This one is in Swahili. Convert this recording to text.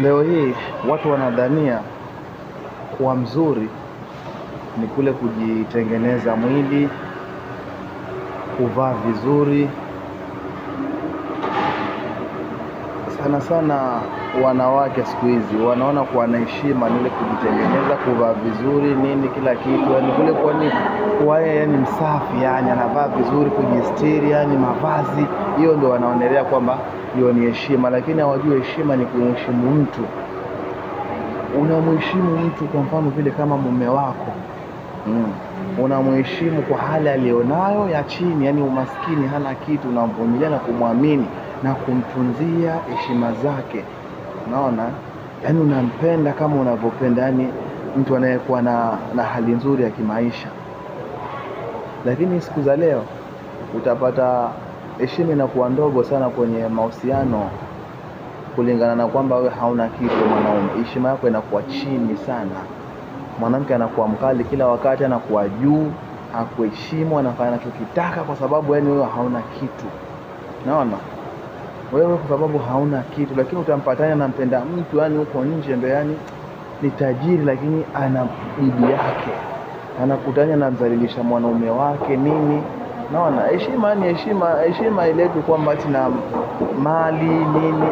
Leo hii watu wanadhania kuwa mzuri ni kule kujitengeneza mwili, kuvaa vizuri. sana sana wanawake siku hizi wanaona kuwa na heshima nile kujitengeneza kuvaa vizuri nini kila kitu, yani kule kwa waye, yani msafi, yani anavaa vizuri kujistiri, yani mavazi, hiyo ndio wanaonelea kwamba hiyo ni heshima, lakini hawajui heshima ni kumheshimu mtu. Unamheshimu mtu kwa mfano vile kama mume wako mm. Unamheshimu kwa hali alionayo ya chini, yani umaskini, hana kitu, unamvumilia na kumwamini na kumtunzia heshima zake. Unaona, yani unampenda kama unavyopenda yani mtu anayekuwa na, na hali nzuri ya kimaisha. Lakini siku za leo utapata heshima inakuwa ndogo sana kwenye mahusiano, kulingana na kwamba wewe hauna kitu mwanaume, heshima yako inakuwa chini sana. Mwanamke anakuwa mkali kila wakati, anakuwa juu, hakuheshimu, anafanya anachokitaka kwa sababu yani wewe hauna kitu. Naona wewe kwa sababu hauna kitu, lakini utampatana na mpenda mtu, yani huko nje ndo yani ni tajiri, lakini ana bibi yake, anakutana na mdhalilisha mwanaume wake nini. Naona heshima ni heshima, heshima tu kwamba ati na mali nini